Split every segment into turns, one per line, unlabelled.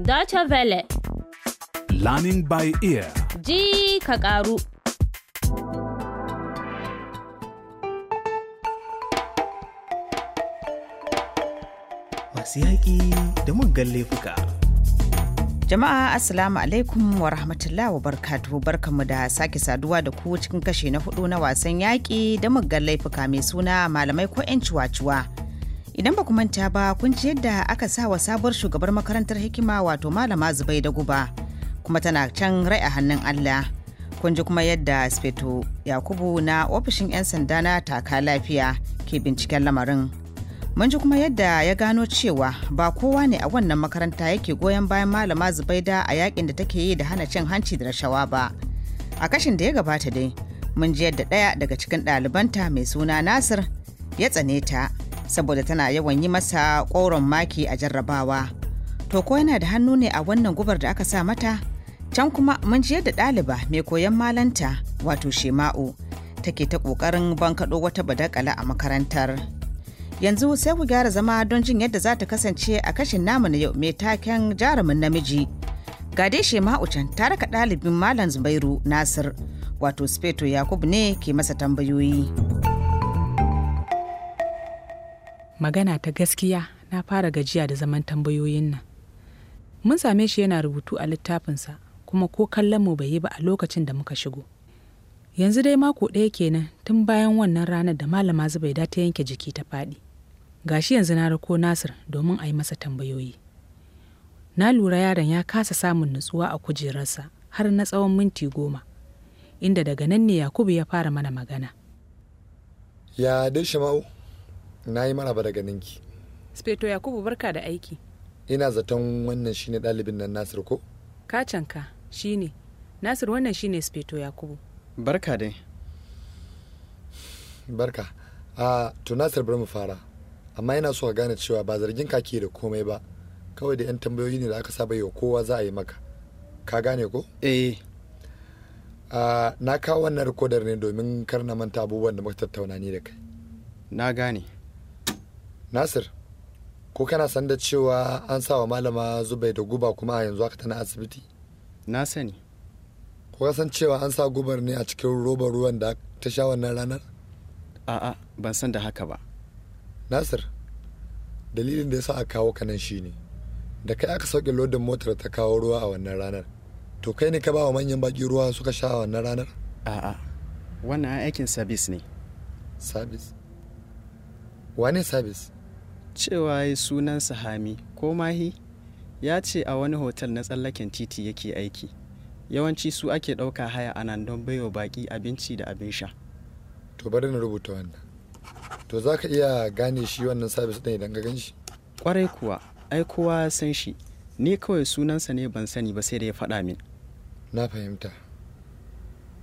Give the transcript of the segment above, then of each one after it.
Deutsche Welle. Learning by ear. Ji ka karu.
Masu yaƙi da muggan laifuka.
Jama'a Assalamu alaikum wa rahmatullahi wa barkatu barkanmu da sake saduwa da ku cikin kashe na hudu na wasan yaƙi da muggan laifuka mai suna malamai ko 'yan ciwa-ciwa. idan ba ku manta ba kun ji yadda aka sa wa sabuwar shugabar makarantar hikima wato malama zubai da guba kuma tana can rai a hannun allah kun ji kuma yadda speto yakubu na ofishin 'yan sanda na taka lafiya ke binciken lamarin mun ji kuma yadda ya gano cewa ba kowa ne a wannan makaranta yake goyon bayan malama zubaida a yakin da take yi da hana cin hanci da rashawa ba a kashin da ya gabata dai mun ji yadda ɗaya daga cikin ɗalibanta mai suna nasir ya tsane ta saboda tana yawan yi masa ƙoron maki a jarrabawa. To ko yana da hannu ne a wannan gubar da aka sa mata? Can kuma mun ji yadda ɗaliba mai koyon malanta wato Shema'u take ta ƙoƙarin bankaɗo wata badakala a makarantar. Yanzu sai ku gyara zama don jin yadda za ta kasance a kashin namu na yau mai taken jarumin namiji. Ga dai Shema'u can ta raka ɗalibin Malam Zubairu Nasir wato Speto Yakubu ne ke masa tambayoyi.
magana ta gaskiya na fara gajiya da zaman tambayoyin nan mun same shi yana rubutu a littafinsa kuma ko kallon mu bai yi ba a lokacin da muka shigo yanzu dai mako ɗaya kenan tun bayan wannan ranar da malama zubaida ta yanke jiki ta faɗi gashi yanzu na rako nasir domin a yi masa tambayoyi na lura yaron ya kasa samun nutsuwa a kujerarsa har na tsawon minti goma inda daga nan ne yakubu ya fara mana magana
ya dai shima'u. na yi maraba da ganinki
speto yakubu barka da aiki
ina zaton wannan shine ɗalibin nan nasir ko
kacanka shine nasir wannan shine speto yakubu
barka dai barka a to nasir bari mu fara amma ina so ka gane cewa ba zargin kake da komai ba kawai da 'yan tambayoyi ne da aka saba yau kowa za a yi maka ka gane ko eh na kawo wannan rikodar ne domin kar na manta abubuwan da muka tattauna ni da kai na gane nasir ko kana san da cewa an sa wa malama zubai da guba kuma a yanzu haka tana asibiti na sani ko ka san cewa an sa gubar ne a cikin robar ruwan da ta sha wannan ranar a'a ban san da haka ba nasir dalilin da ya sa a kawo kanan ne, da kai aka sauke lodin motar ta kawo ruwa a wannan ranar to kai ne ka ba wa manyan baki ruwa suka sha a wannan ranar a'a wannan aikin sabis ne sabis wane sabis
cewa ya sunan sahami ko mahi ya ce a wani hotel na tsallaken titi yake aiki yawanci su ake
ɗauka haya a nan
don baiwa baƙi abinci da abin sha
to bari na rubuta wannan to za ka iya gane shi wannan sabis ɗin idan ka gan shi ƙwarai kuwa ai
kowa san shi ni kawai sunansa ne ban sani ba sai da ya faɗa min
na fahimta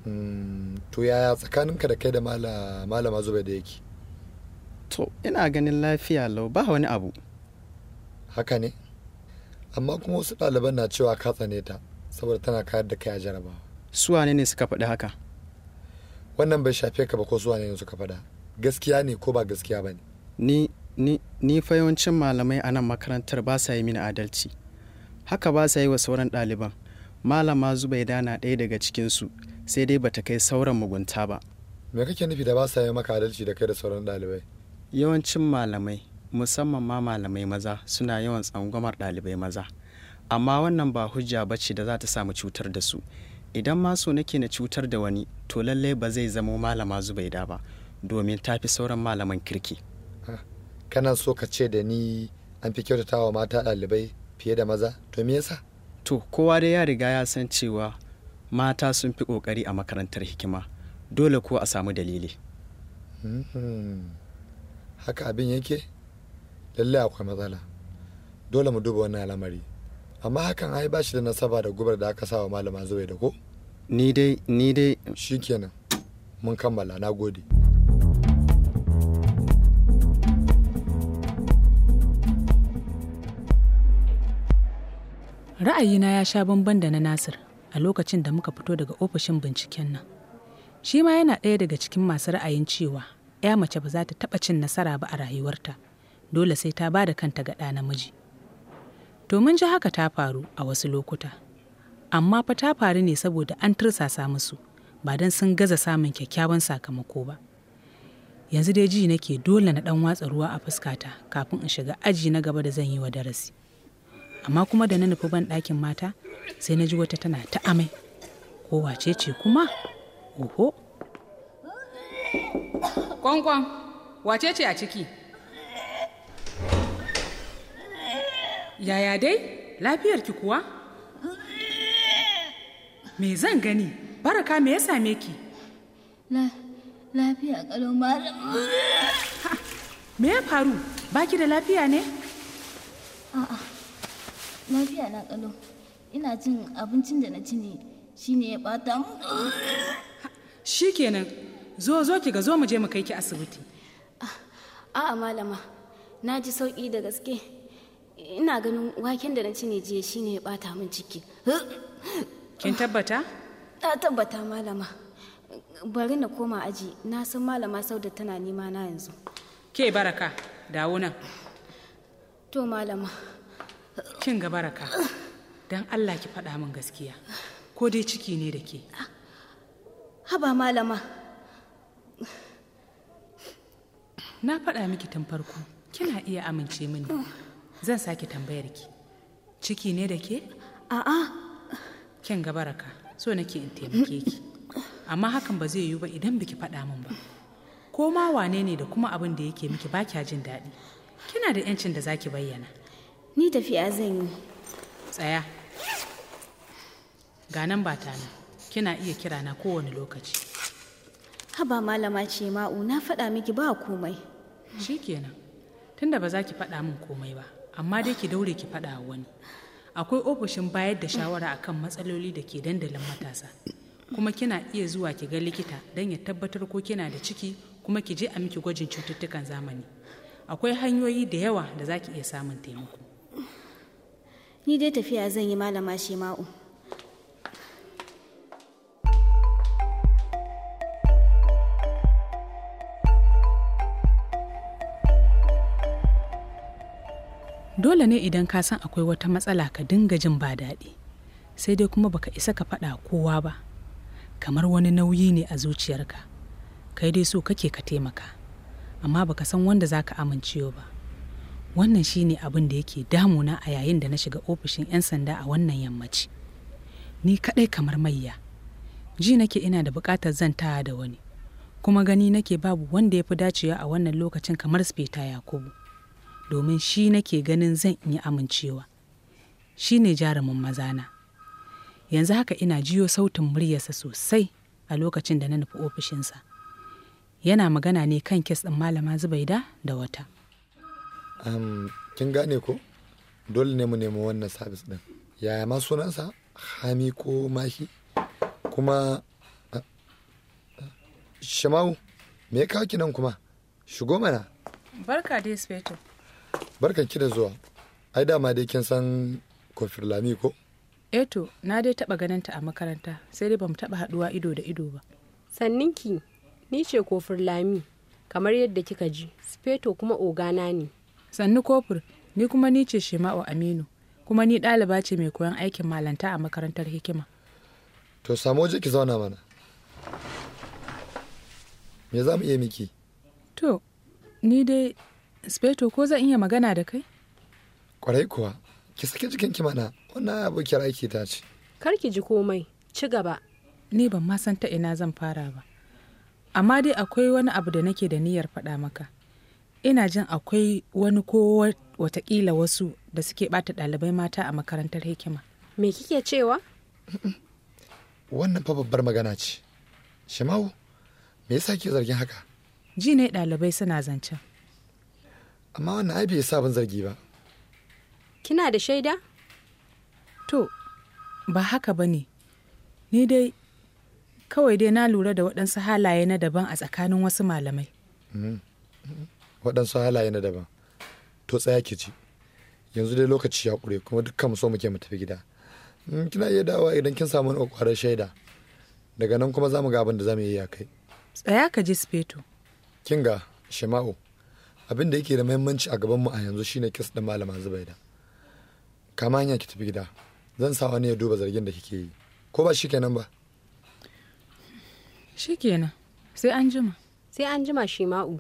hmm, to yaya tsakaninka da kai da malama zuba da yake To, ina ganin lafiya lau ba wani abu. Haka ne? Amma kuma wasu ɗaliban na cewa ka tsane ta saboda tana kayar da kai a jarabawa. Suwane ne suka faɗi haka? Wannan bai shafe ka ba ko suwane ne suka faɗa. Gaskiya ne ko ba gaskiya ba ne?
Ni, ni, ni fa malamai a nan makarantar ba sa yi mini adalci. Haka ba sa yi wa sauran ɗaliban. Malama Zubaida na ɗaya daga cikinsu sai dai bata kai sauran mugunta ba.
Me kake nufi da ba sa yi maka adalci da kai da sauran ɗalibai?
Yawancin malamai, musamman ma malamai maza, suna yawan tsangwamar ɗalibai maza. Amma wannan ba hujja ba ce da za ta samu cutar da su. Idan ma so nake na cutar da wani, to lallai ba zai zamo malama Zubaida ba, domin ta fi sauran malaman kirki.
Kana so ka ce da ni an fi kyautatawa mata ɗalibai fiye da maza, to me yasa? To, kowa dai ya riga ya san cewa mata
sun fi ƙoƙari a makarantar hikima, dole ko a samu dalili.
Mm-hmm. haka abin yake lallai akwai matsala dole mu duba wannan lamari amma hakan ai ba shi da nasaba da gubar da aka sa wa malama zuwa da ko ni dai ni dai shikenan mun kammala na gode
ra'ayina ya sha bamban da na nasir a lokacin da muka fito daga ofishin binciken nan shi ma yana ɗaya daga cikin masu ra'ayin cewa ya mace ba za ta taɓa cin nasara ba a rayuwarta dole sai ta ba da kanta ga ɗa namiji mun ji haka ta faru a wasu lokuta amma fa ta faru ne saboda an tursasa musu ba don sun gaza samun kyakkyawan sakamako ba yanzu dai ji nake dole na ɗan watsa ruwa a fuskata kafin in shiga aji na gaba da zan yi wa darasi amma kuma da na nufi ban ɗakin mata sai na ji wata tana ta amai ko wace ce kuma oho Kwankwan, wace ce a ciki? Yaya dai, lafiyarki kuwa? Me zan gani, baraka me ya same ki?
Lafiya kalon malam.
Me ya faru, baki da lafiya ne?
A'a, lafiya na kalon, Ina cin abincin da na ci ne, shi ne ya ɓata
mu. Shi kenan, zo zo ki ga zo mu je mu kai ki asibiti ah,
a'a malama na ji sauki da gaske ina ganin waken da na ci ne jiya shine ya bata min ciki
kin tabbata
ta tabbata malama bari na koma aji na san malama sauda tana nema na
yanzu ke baraka dawo nan to malama kin ga baraka don allah ki faɗa min gaskiya ko dai ciki ne da ke haba malama na faɗa miki tun farko kina iya amince mini zan sake tambayar ki ciki ne da ke a'a kin ga baraka so nake in taimake ki amma hakan ba zai yiwu ba idan biki faɗa min ba ko ma wane ne da kuma abin da yake miki ba kya jin daɗi kina da yancin da zaki bayyana ni tafiya zan yi tsaya ga nan ba tana kina iya kirana kowane lokaci
haba malama ce ma'u na faɗa miki ba
komai Shi shikenan tunda ba za ki faɗa min komai ba amma dai ki daure ki faɗa wani akwai ofishin bayar da shawara akan matsaloli da ke dandalin matasa kuma kina iya zuwa ki ga likita don ya tabbatar ko kina da ciki kuma ki je a miki gwajin cututtukan zamani akwai hanyoyi da yawa da za ki iya samun taimako
ni dai tafiya zan yi malama shema'u
dole ne idan ka san akwai wata matsala ka dinga jin ba daɗi sai dai kuma baka isa ka faɗa kowa ba kamar wani nauyi ne a zuciyarka kai dai so kake ka taimaka amma baka san wanda za ka amincewa ba wannan shine abin da yake damuna a yayin da na shiga ofishin 'yan sanda a wannan yammaci ni kaɗai kamar mayya ji nake ina da buƙatar zantawa da wani kuma gani nake babu wanda ya fi dacewa a wannan lokacin kamar speta yakubu domin shi nake ganin zan iya amincewa shi ne jarumin mazana yanzu haka ina jiyo sautin muryarsa sosai a lokacin da na nufi ofishinsa yana magana ne kan kes ɗin malama zubaida
da wata um, kin gane ko dole ne mu nemi wannan sabis ɗin yaya ma sunansa hami ko mahi kuma uh, shamau me ya kawo nan kuma shigo mana
barka dai speto
barkan ki da zuwa ai dama dai kin san kofir lami ko
eto eh na dai taba ganin ta a makaranta sai dai bamu taba haduwa ido da ido ba sanninki ni ce kofir lami kamar yadda kika ji speto kuma ogana ne sannu kofir ni kuma ni ce shema'u aminu kuma ni ɗaliba ce mai koyon aikin malanta a makarantar hikima
to samu waje ki zauna mana me za mu iya miki
to ni dai Speto ko zan iya magana da kai?
Kwarai kuwa, ki saki ki mana wannan abokiyar aiki ta ce.
Kar ki ji komai, ci gaba. Ni ban ma san ta ina zan fara ba. Amma dai akwai wani abu da nake da niyyar faɗa maka. Ina jin akwai wani ko watakila wasu da suke bata ɗalibai mata a makarantar hikima. Me kike cewa?
Wannan fa babbar magana ce. Shimau, me yasa ke zargin haka?
Ji ne ɗalibai suna zancen.
amma wannan ai bai sa ban zargi ba
kina da shaida to ba haka ba ne ni dai kawai dai na lura da waɗansu halaye na daban a tsakanin wasu malamai
mm-hmm. Mm-hmm. waɗansu halaye na daban to tsaya ke ci yanzu dai lokaci ya ƙure kuma dukkan so muke mu tafi gida mm, kina iya dawa idan kin samu wani ƙwarar shaida daga nan kuma za mu ga abin da za mu yi ya kai tsaya ka ji speto kin ga shema'u abin da yake da muhimmanci a gaban mu a yanzu shine kes din malama zubaida kama hanya ki tafi gida zan sa wani ya duba zargin da kike yi ko ba shikenan ba
shikenan sai an jima sai an jima shima'u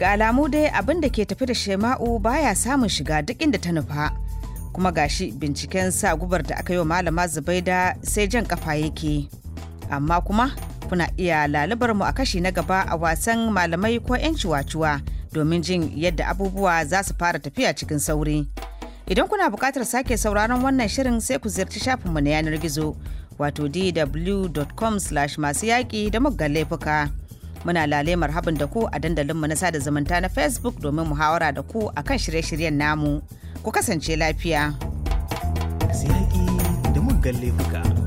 ga alamu dai abin da ke tafi da shema'u baya samun shiga duk inda ta nufa kuma gashi binciken sa gubar da aka yi wa malama zubaida sai jan kafa yake amma kuma Kuna iya lalubar mu a kashi na gaba a wasan malamai ko 'yan ciwaciwa domin jin yadda abubuwa za su fara tafiya cikin sauri. Idan kuna buƙatar sake sauraron wannan shirin sai ku ziyarci shafinmu na yanar gizo wato dw.com masu yaƙi da muggan laifuka. Muna lale habin da ku a dandalinmu na sada zumunta na Facebook domin muhawara da ku a kan shirye-shiryen namu. Ku kasance lafiya.
Masu yaƙi da muggan laifuka.